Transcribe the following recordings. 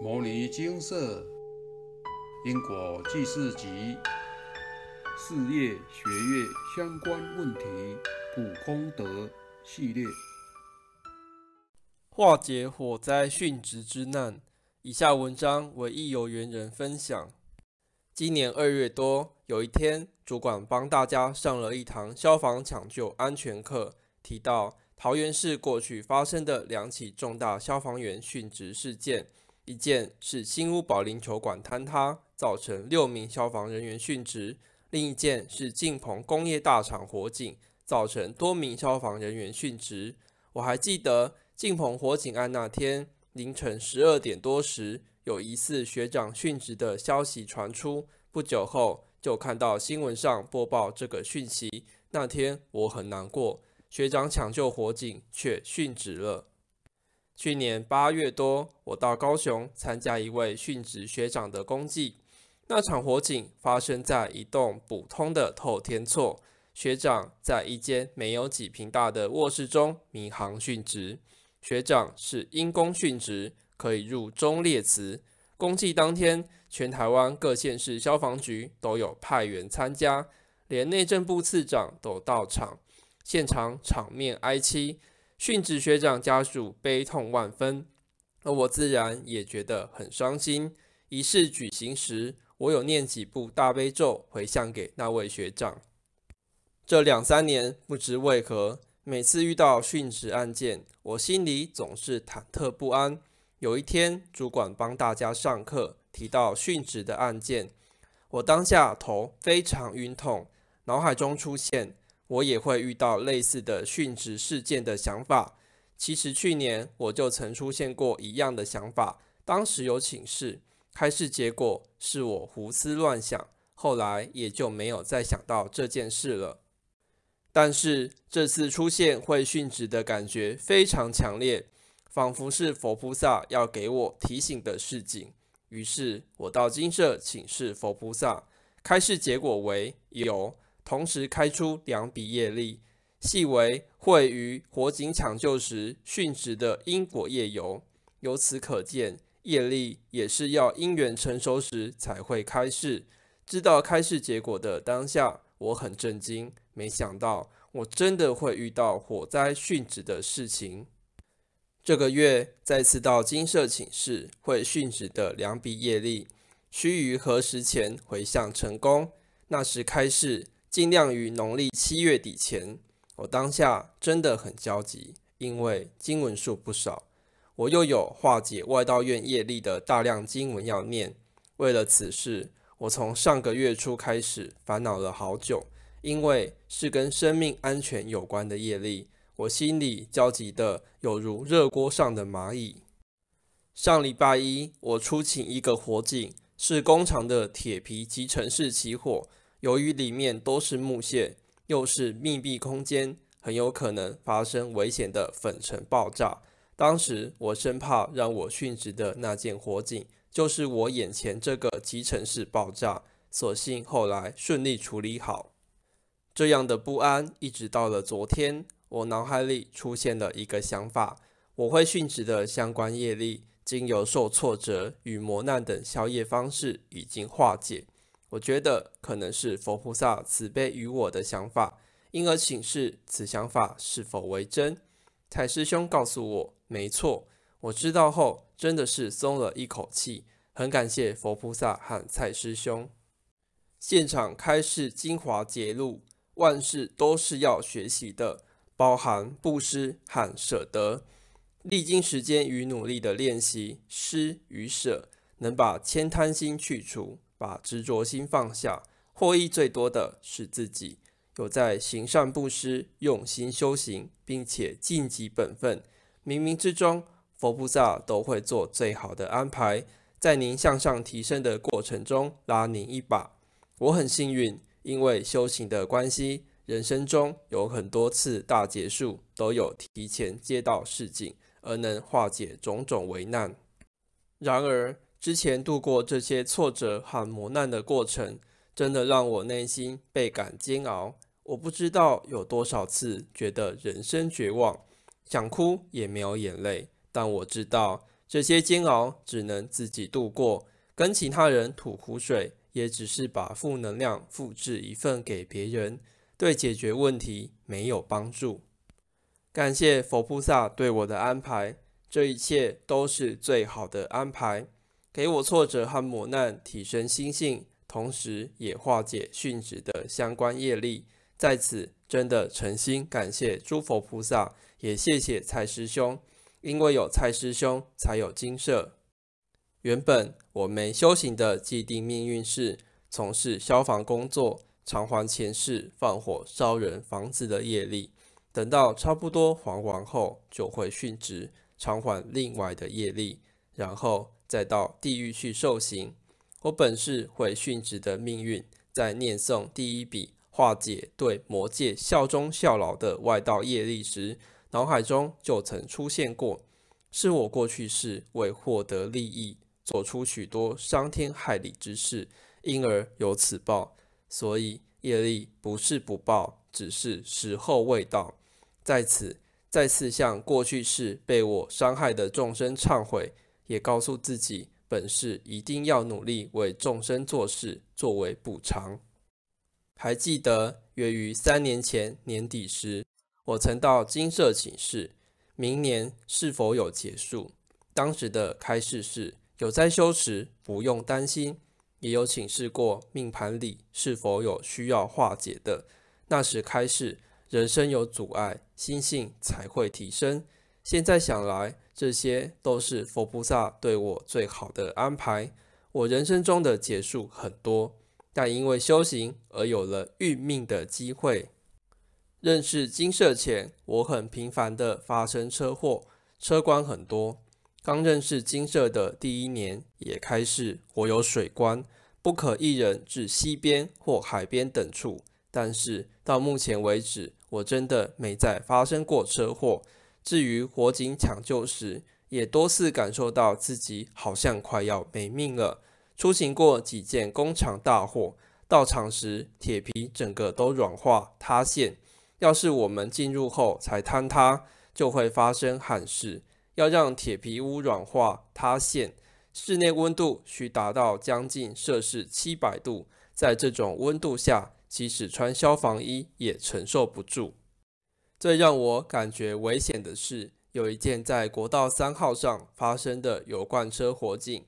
《牟尼精舍、因果濟世集》事業學業相關問題，普空德系列。化解火災殉職之難。以下文章為一有緣人分享。今年二月多，有一天，主管幫大家上了一堂消防搶救安全課，提到桃園市過去發生的兩起重大消防員殉職事件。一件是新屋保齡球館坍塌，造成六名消防人員殉職；另一件是敬鵬工業大廠火警，造成多名消防人員殉職。我還記得敬鵬火警案那天凌晨十二點多時，有疑似學長殉職的消息傳出，不久後就看到新聞上播報這個訊息。那天我很難過，學長搶救火警卻殉職了。去年八月多，我到高雄參加一位殉職學長的公祭。那場火警發生在一棟普通的透天厝，學長在一間沒有幾坪大的臥室中迷航殉職。學長是因公殉職，可以入忠烈祠。公祭當天，全台灣各縣市消防局都有派員參加，連內政部次長都到場，現場場面哀戚。殉職學長家屬悲痛萬分，而我自然也覺得很傷心。儀式舉行時，我有念幾部大悲咒回向給那位學長。這兩三年不知為何，每次遇到殉職案件，我心裡總是忐忑不安。有一天，主管幫大家上課提到殉職的案件，我當下頭非常暈痛，腦海中出現。我也會遇到類似的殉職事件的想法。其實去年我就曾出現過一樣的想法，當時有請示，開示結果是我胡思亂想，後來也就沒有再想到這件事了。但是這次出現會殉職的感覺非常強烈，仿佛是佛菩薩要給我提醒的示警。於是我到精舍請示佛菩薩，開示結果為有。同時開出兩筆業力，係為會於火警搶救時殉職的因果業由。由此可見，業力也是要因緣成熟時才會開示。知道開示結果的當下，我很震驚，沒想到我真的會遇到火災殉職的事情。這個月再次到精舍請示，會殉職的兩筆業力，須於何時前回向成功？那時開示。盡量於農曆七月底前。我當下真的很焦急，因為經文數不少，我又有化解外道怨業力的大量經文要念。為了此事，我從上個月初開始煩惱了好久，因為是跟生命安全有關的業力，我心裡焦急的有如熱鍋上的螞蟻。上禮拜一，我出勤一個火警，是工廠的鐵皮集成式起火。由於裡面都是木屑，又是密閉空間，很有可能發生危險的粉塵爆炸。當時我生怕讓我殉職的那件火警就是我眼前這個集成式爆炸，所幸後來順利處理好。這樣的不安一直到了昨天，我腦海裡出現了一個想法：我會殉職的相關業力，經由受挫折與磨難等消業方式已經化解。我覺得可能是佛菩薩慈悲於我的想法，因而請示此想法是否為真。蔡師兄告訴我沒錯，我知道後真的是鬆了一口氣，很感謝佛菩薩和蔡師兄。現場開示《精華節錄》，萬事都是要學習的，包含布施和舍得。歷經時間與努力的練習，施與舍，能把慳貪心去除。把執着心放下，獲益最多的是自己。有在行善布施、用心修行，並且盡己本分，冥冥之中，佛菩薩都會做最好的安排，在您向上提升的過程中拉您一把。我很幸運，因為修行的關係，人生中有很多次大劫數都有提前接到示警，而能化解種種危難。然而，之前度過這些挫折和磨難的過程，真的讓我內心倍感煎熬。我不知道有多少次覺得人生絕望，想哭也沒有眼淚。但我知道這些煎熬只能自己度過，跟其他人吐苦水也只是把負能量複制一份給別人，對解決問題沒有幫助。感謝佛菩薩對我的安排，這一切都是最好的安排。給我挫折和磨難，提升心性，同時也化解殉職的相關業力。在此，真的誠心感謝諸佛菩薩，也謝謝蔡師兄，因為有蔡師兄，才有精舍。原本我沒修行的既定命運是從事消防工作，償還前世放火燒人房子的業力。等到差不多還完後，就會殉職，償還另外的業力，然後，再到地獄去受刑，我本是會殉職的命運，在念誦第一筆化解對魔界效忠效勞的外道業力時，腦海中就曾出現過，是我過去世為獲得利益，做出許多傷天害理之事，因而有此報。所以業力不是不報，只是時候未到。在此再次向過去世被我傷害的眾生懺悔。也告訴自己，本世一定要努力為眾生做事，作為補償。還記得約於三年前年底時，我曾到精舍請示，明年是否有結束？當時的開示是有災修持，不用擔心。也有請示過命盤裡是否有需要化解的。那時開示，人生有阻礙，心性才會提升。現在想來。這些都是佛菩薩對我最好的安排。我人生中的劫數很多，但因為修行而有了遇命的機會。認識精舍前，我很頻繁地發生車禍，車關很多。剛認識精舍的第一年，也開示我有水關，不可一人至溪邊或海邊等處。但是到目前為止，我真的沒再發生過車禍。至於火警搶救時，也多次感受到自己好像快要沒命了。出勤過幾件工廠大火，到場時鐵皮整個都軟化塌陷。要是我們進入後才坍塌，就會發生憾事。要讓鐵皮屋軟化塌陷，室內溫度需達到將近攝氏七百度。在這種溫度下，即使穿消防衣也承受不住。最讓我感覺危險的是，有一件在國道三號上發生的油罐車火警。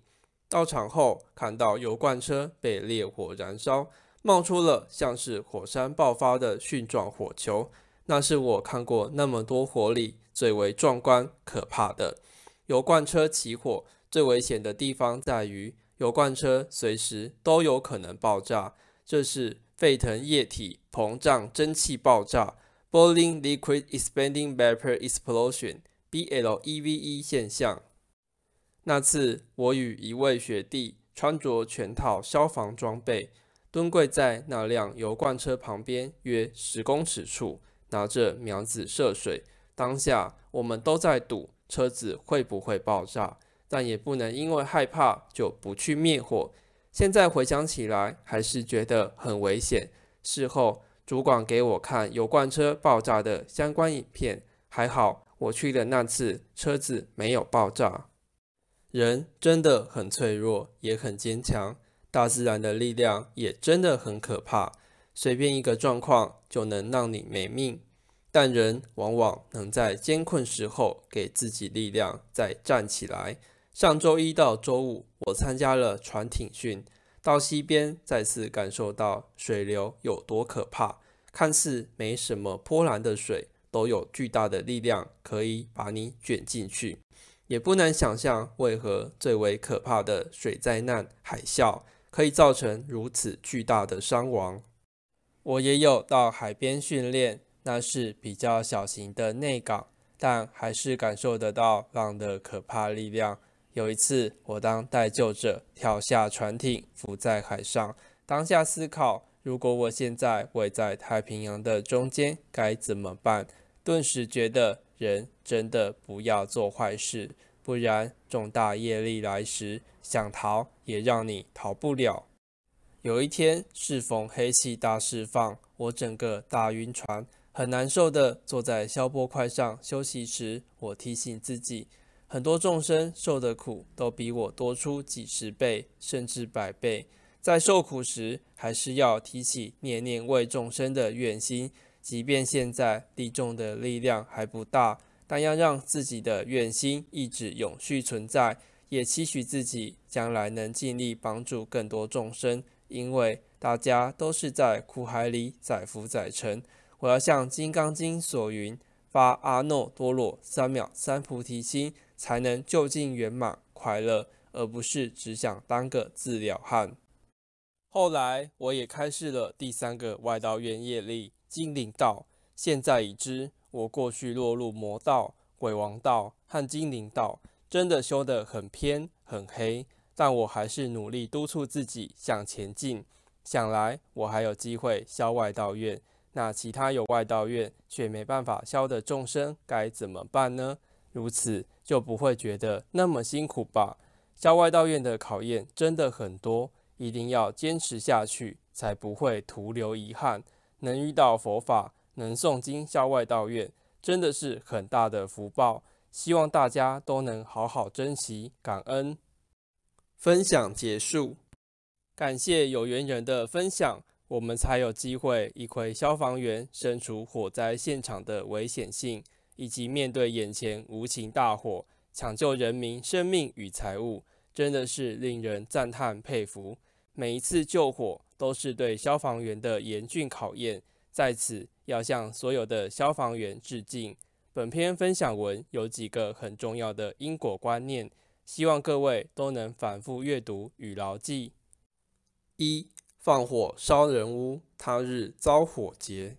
到場後看到油罐車被烈火燃燒，冒出了像是火山爆發的蕈狀火球，那是我看過那麼多火裡最為壯觀可怕的。油罐車起火最危險的地方在於，油罐車隨時都有可能爆炸，這是沸騰液體膨脹蒸汽爆炸。Boiling liquid expanding vapor explosion (BLEVE) 現象。那次，我與一位學弟穿着全套消防裝備，蹲跪在那輛油罐車旁邊約十公尺處，拿着苗子射水。當下，我們都在賭車子會不會爆炸，但也不能因為害怕就不去滅火。現在回想起來，還是覺得很危險。事後。主管給我看油罐車爆炸的相關影片，還好我去的那次車子沒有爆炸。人真的很脆弱，也很堅強。大自然的力量也真的很可怕，隨便一個狀況就能讓你沒命。但人往往能在艱困時候給自己力量，再站起來。上周一到周五，我參加了船艇訓。到溪邊，再次感受到水流有多可怕。看似沒什麼波瀾的水，都有巨大的力量可以把你捲進去。也不難想象，為何最為可怕的水災難——海嘯，可以造成如此巨大的傷亡。我也有到海邊訓練，那是比較小型的內港，但還是感受得到浪的可怕力量。有一次，我當待救者跳下船艇，浮在海上。當下思考：如果我現在位在太平洋的中間，該怎麼辦？頓時覺得人真的不要做壞事，不然重大業力來時，想逃也讓你逃不了。有一天，適逢黑氣大釋放，我整個大暈船，很難受地坐在消波塊上休息時，我提醒自己。很多眾生受的苦都比我多出幾十倍，甚至百倍。在受苦時，還是要提起念念為眾生的願心。即便現在利眾的力量還不大，但要讓自己的願心一直永續存在，也期許自己將來能盡力幫助更多眾生。因為大家都是在苦海裡載浮載沉。我要向《金剛經》所云發阿耨多羅三藐三菩提心。才能就近圓滿快樂，而不是只想當個自了漢。後來我也開始了第三個外道院業力，精靈道。現在已知我過去落入魔道、鬼王道和精靈道，真的修得很偏很黑。但我還是努力督促自己向前進。想來我還有機會消外道院，那其他有外道院卻沒辦法消的眾生該怎麼辦呢？如此就不會覺得那麼辛苦吧？消業了願的考驗真的很多，一定要堅持下去，才不會徒留遺憾。能遇到佛法，能誦經消業了願，真的是很大的福報。希望大家都能好好珍惜，感恩。分享結束，感謝有緣人的分享，我們才有機會一窺消防員身處火災現場的危險性。以及面對眼前無情大火，搶救人民生命與財物，真的是令人讚嘆佩服。每一次救火都是對消防員的嚴峻考驗，在此要向所有的消防員致敬。本篇分享文有幾個很重要的因果觀念，希望各位都能反覆閱讀與牢記：一、放火燒人屋，他日遭火劫。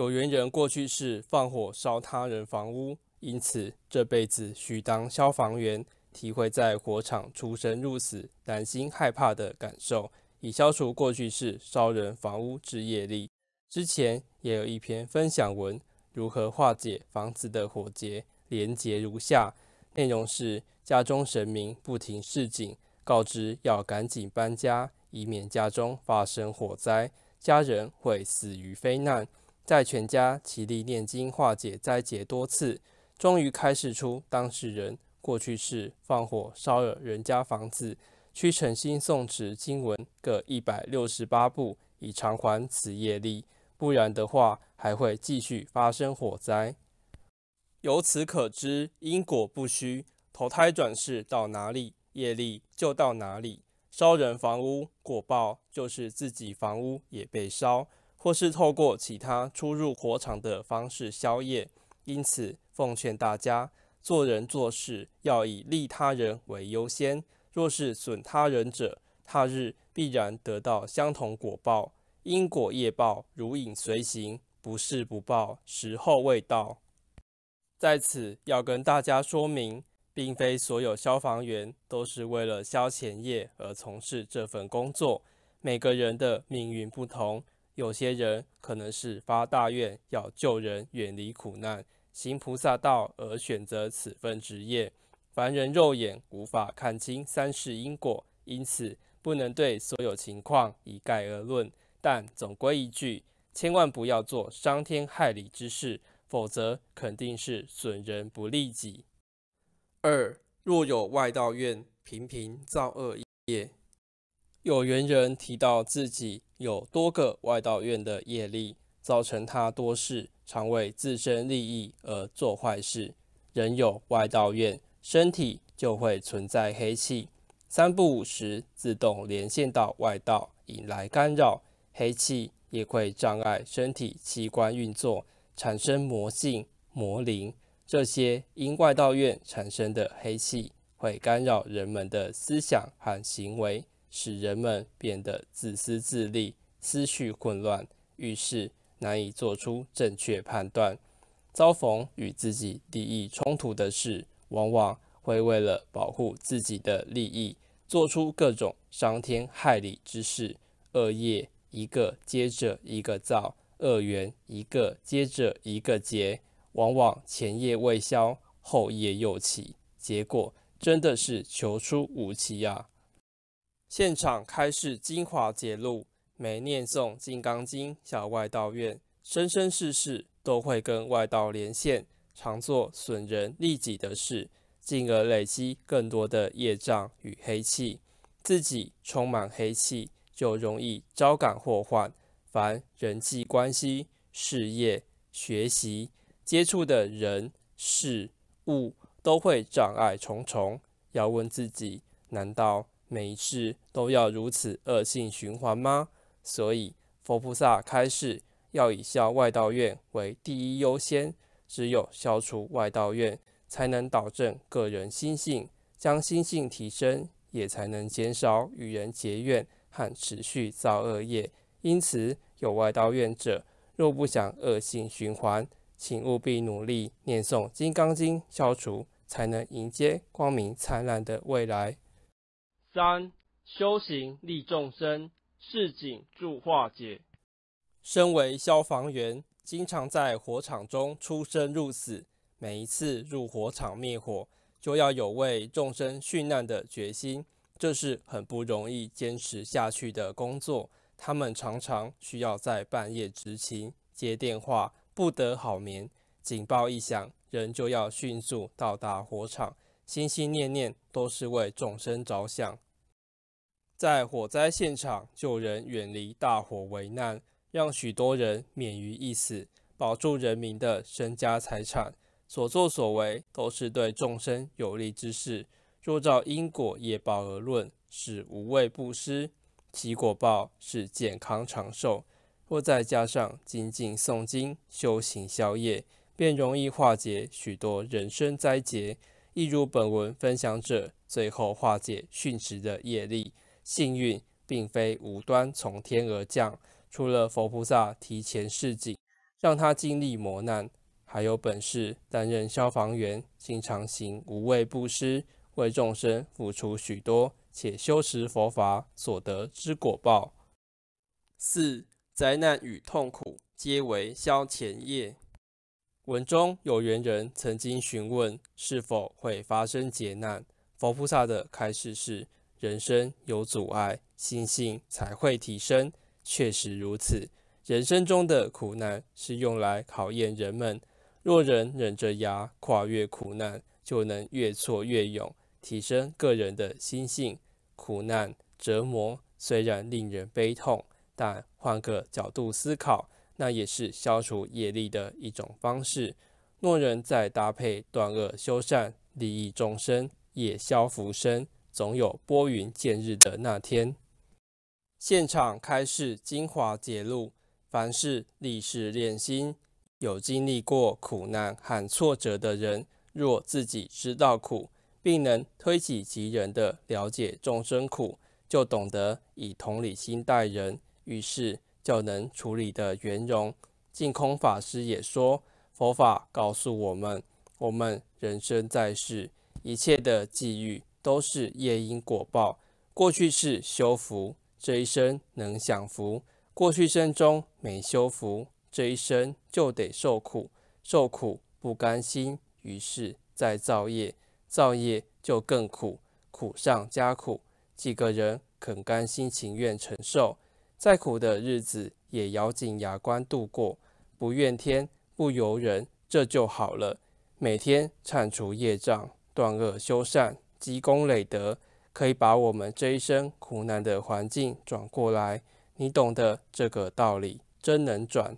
有緣人過去是放火燒他人房屋，因此這輩子需當消防員，體會在火場出生入死、擔心害怕的感受，以消除過去世燒人房屋之業力。之前也有一篇分享文，如何化解房子的火劫，連結如下。內容是家中神明不停示警，告知要趕緊搬家，以免家中發生火災，家人會死於非難。在全家齊力念經化解災劫多次，終於開示出當事人過去是放火燒了人家房子，需誠心誦持經文各一百六十八部，以償還此業力。不然的話，還會繼續發生火災。由此可知，因果不虛，投胎轉世到哪裡，業力就到哪裡。燒人房屋，果報就是自己房屋也被燒。或是透過其他出入火場的方式消業，因此奉勸大家做人做事要以利他人為優先。若是損他人者，他日必然得到相同果報。因果業報如影隨形，不是不報，時候未到。在此要跟大家說明，並非所有消防員都是為了消遣業而從事這份工作，每個人的命運不同。有些人可能是發大願要救人、遠離苦難、行菩薩道而選擇此份職業。凡人肉眼無法看清三世因果，因此不能對所有情況一概而論。但總歸一句，千萬不要做傷天害理之事，否則肯定是損人不利己。二，若有外道願，頻頻造惡業。有緣人提到自己有多個外道願的業力，造成他多事，常為自身利益而做壞事。人有外道願，身體就會存在黑氣，三不五時自動連線到外道，引來干擾。黑氣也會障礙身體器官運作，產生魔性、魔靈。這些因外道願產生的黑氣，會干擾人們的思想和行為。使人們變得自私自利、思緒混亂，遇事難以做出正確判斷。遭逢與自己利益衝突的事，往往會為了保護自己的利益，做出各種傷天害理之事。惡業一個接着一個造，惡緣一個接着一個結，往往前業未消，後業又起，結果真的是求出無期啊！現場開示：精華節錄，沒念誦《金剛經》，小外道院生生世世都會跟外道連線。常做損人利己的事，進而累積更多的業障與黑氣。自己充滿黑氣，就容易招感禍患。凡人際關係、事業、學習、接觸的人事物，都會障礙重重。要問自己：難道每一世都要如此惡性循環嗎？所以佛菩薩開示要以消外道願為第一優先。只有消除外道願，才能導正個人心性，將心性提升，也才能減少與人結怨和持續造惡業。因此，有外道願者，若不想惡性循環，請務必努力念誦《金剛經》，消除，才能迎接光明燦爛的未來。三修行利眾生，市井助化解。身為消防員，經常在火場中出生入死。每一次入火場滅火，就要有為眾生殉難的決心。這是很不容易堅持下去的工作。他們常常需要在半夜執勤接電話，不得好眠。警報一響，人就要迅速到達火場。心心念念都是為眾生着想，在火災現場救人，遠離大火危難，讓許多人免於一死，保住人民的身家財產，所作所為都是對眾生有利之事。若照因果業報而論，是無畏布施，其果報是健康長壽。若再加上精進誦經、修行消業，便容易化解許多人生災劫。例如，本文分享者最後化解殉職的業力，幸運並非無端從天而降。除了佛菩薩提前示警，讓他經歷磨難，還有本身擔任消防員，經常行無畏布施，為眾生付出許多，且修持佛法所得之果報。四、災難與痛苦皆為消前業。文中有緣人曾經詢問是否會發生劫難，佛菩薩的開示是：人生有阻礙，心性才會提升。確實如此，人生中的苦難是用來考驗人們。若人忍着牙跨越苦難，就能越挫越勇，提升個人的心性。苦難折磨雖然令人悲痛，但換個角度思考。那也是消除業力的一種方式。若人再搭配斷惡修善、利益眾生，業消福生，總有撥雲見日的那天。現場開示精華節錄：凡是歷事練心、有經歷過苦難和挫折的人，若自己知道苦，並能推己及人的了解眾生苦，就懂得以同理心待人於是。就能處理的圓融。淨空法師也說，佛法告訴我們，我們人生在世，一切的際遇都是業因果報。過去世修福，這一生能享福；過去生中沒修福，這一生就得受苦。受苦不甘心，於是再造業，造業就更苦，苦上加苦。幾個人肯甘心情願承受？再苦的日子也咬緊牙關度過，不怨天不尤人，這就好了。每天懺除業障，斷惡修善，積功累德，可以把我們這一生苦難的環境轉過來。你懂得這個道理，真能轉。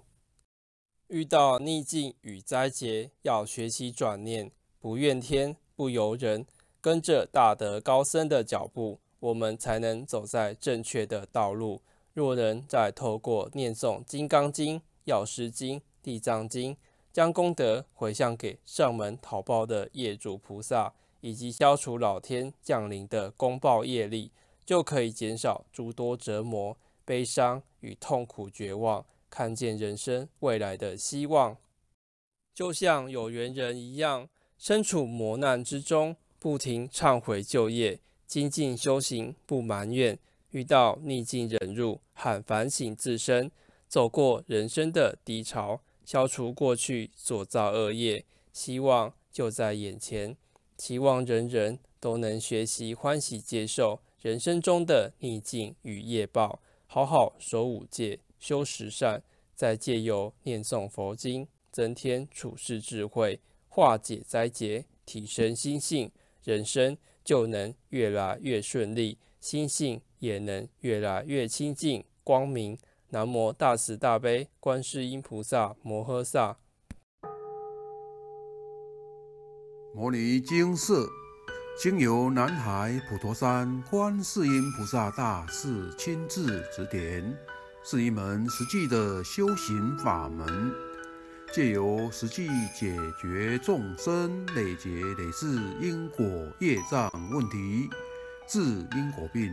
遇到逆境與災劫，要學習轉念，不怨天不尤人，跟着大德高僧的腳步，我們才能走在正確的道路。若能再透過念誦《金剛經》《藥師經》《地藏經》，將功德回向給上門討報的業主菩薩，以及消除老天降臨的公報業力，就可以減少諸多折磨、悲傷與痛苦、絕望，看見人生未來的希望。就像有緣人一樣，身處磨難之中，不停懺悔舊業，精進修行，不埋怨。遇到逆境，忍辱；喊反省自身，走過人生的低潮，消除過去所造惡業。希望就在眼前，期望人人都能學習歡喜接受人生中的逆境與業報，好好守五戒，修十善，再借由念誦佛經，增添處世智慧，化解災劫，提升心性，人生就能越來越順利。心性。也能越來越清淨光明。南無大慈大悲觀世音菩薩摩訶薩。牟尼精舍，經由南海普陀山觀世音菩薩大士親自指點，是一門實際的修行法門，借由實際解決眾生累劫累世因果業障問題，治因果病。